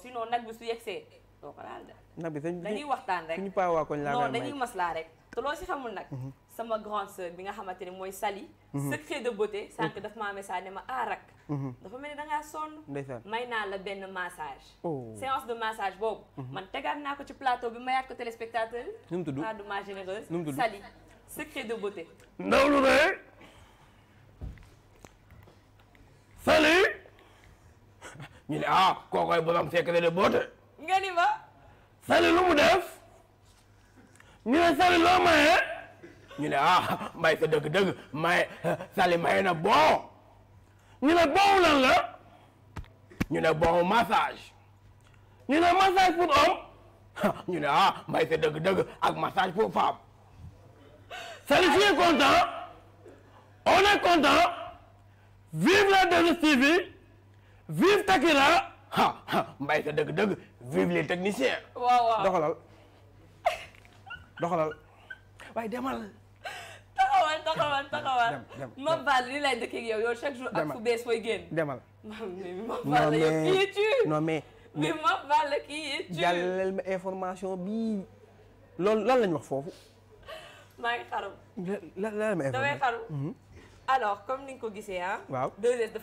sinon nag bi su yegsee doo ko laal de. nag bi dañuy waxtaan rek suñu paa waa koñ laa non dañuy maslaa rek. te loo si xamul nag. Mhm. sama grande sœur bi nga xamante ne mooy Sali. Mhm. secret de beauté sànq daf maa message ne ma aarak. Ah, mhm. dafa mel ni da ngaa sonn. may naa la benn massage. Oh. séance de massage boobu. man tegaat naa ko ci plateau bi mayaat ko téléspectateur. nu mu tudd ma généreuse. Sali secret de beauté. ndaw lu ne. ñu ne a ah, kookoy borom secret de beauté. nga ni ma. Sali lu mu def ñu ne Sali loo maye ñu ne ah mbay sa dëgg-dëgg maye Sali maye na bon ñu ne bon lan la ñu ne bon massage ñu ne massage pour homme ñu ne ah mbay sa dëgg-dëgg ak massage pour femme Sali tu es content on est content vive la 2STV vive Takira ha ha mbay ka dëgg-dëgg vive les techniciens. waaw waaw doxalal doxalal waaye demal. taxawal taxawal taxawal. dem ma baal li lay dëkk ak yow yow chaque jour. ak fu bees fooy génn. demal ma baal yow kii tu. non mais mais ma baal la kii tu. jàllale ma information bii loolu lan lañ wax foofu. maa ngi xaru. lan lan la ma information damay xaru. Mhm. alors comme ni nga ko gisee ah. waaw.